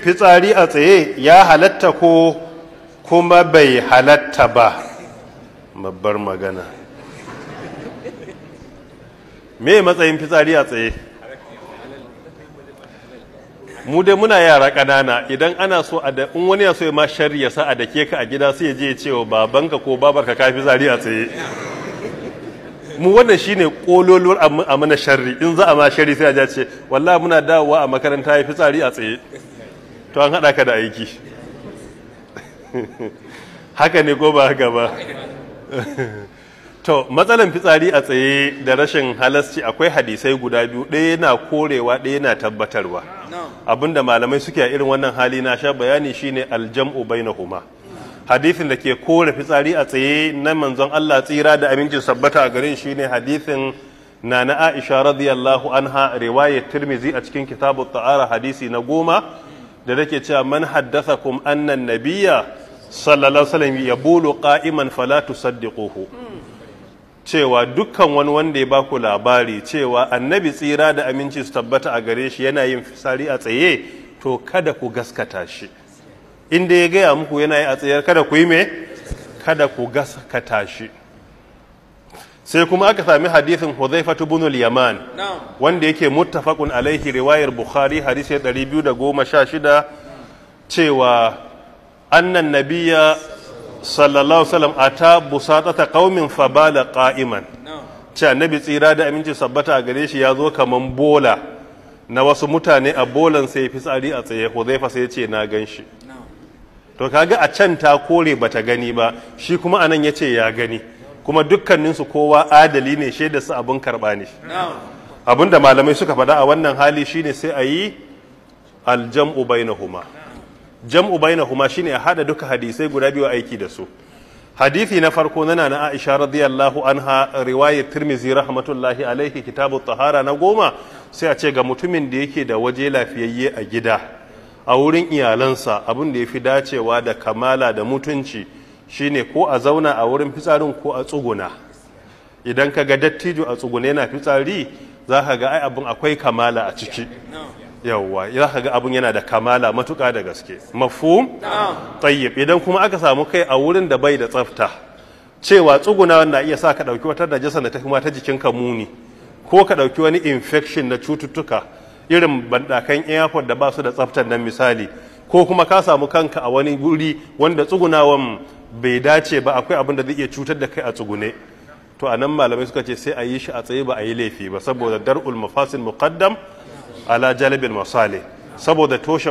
fitsari a tsaye ya halatta ko kuma bai halatta ba babbar magana me matsayin fitsari a tsaye mu dai muna yara ƙanana idan ana so a da in wani ya so ma shari ya sa a dake ka a gida sai ya je ya babanka ko babarka ka fitsari a tsaye mu wannan shine kololuwar a mana shari in za a ma shari sai a ce wallahi muna dawowa a makaranta ya fi tsari a tsaye to an haɗa ka da aiki haka ne ko ba haka ba to matsalan fitsari a tsaye da rashin halasci akwai hadisai guda biyu ɗaya na korewa ɗaya na tabbatarwa abinda malamai suke a irin wannan hali na sha bayani shine aljam'u bainahuma Hadisin da ke kore fitsari a tsaye na manzon Allah tsira da amincin sabbata a garin shine hadisin na Aisha radiyallahu anha riwayat Tirmizi a cikin kitabu ta'ara hadisi na goma da take cewa man haddasa haddathakum annan nabiyya sallallahu alaihi ya bulu qa'iman fala tusaddiquhu cewa dukkan wani wanda ya baku labari cewa annabi tsira da aminci su tabbata a gare shi yana yin fisari a tsaye to kada ku gaskata shi inda ya gaya muku yana yi a tsayar kada ku yi me kada ku gaskata shi sai kuma aka sami hadisin huzaifatu bin yaman wanda yake muttafaqun alaihi riwayar bukhari hadisi 216 cewa annan nabiyya sallallahu alaihi wasallam ata busatata qaumin fabala qa'iman ce annabi tsira da aminci sabbata a gare shi ya zo kaman bola na wasu mutane a bolan sai fitsari a tsaye huzaifa sai ce na ganshi to kaga a can ta kore bata gani ba shi kuma anan ya ce ya gani kuma dukkaninsu kowa adali ne shaida su abin karba ne abin da malamai suka faɗa a wannan hali shine sai a yi aljam'u bainahuma jam'u bainahuma shine a haɗa duka hadisai guda biyu aiki da su hadisi na farko nana na Aisha radiyallahu anha riwaye Tirmizi rahmatullahi alaihi kitabu tahara na goma sai a ce ga mutumin da yake da waje lafiyayye a gida a wurin iyalansa abin da ya fi dacewa da kamala da mutunci shine ko a zauna a wurin fitsarin ko a tsuguna idan ka ga dattijo a tsuguna yana fitsari za ka ga abin akwai kamala a ciki yawwa za ka ga abin yana da kamala matuka da gaske Mafu tayyib idan kuma aka samu kai a wurin da bai da tsafta cewa tsuguna na iya sa ka ɗauki wata najasa da ta kuma ta jikinka muni ko ka ɗauki wani infection na cututtuka irin bandakan airport da ba su da tsaftar nan misali ko kuma ka samu kanka a wani guri wanda tsugunawan bai dace ba akwai abin da zai iya cutar da kai a tsugune to anan malamai suka ce sai a yi shi a tsaye ba a yi laifi ba saboda dar'ul mafasin muqaddam ala jalibin masale saboda toshe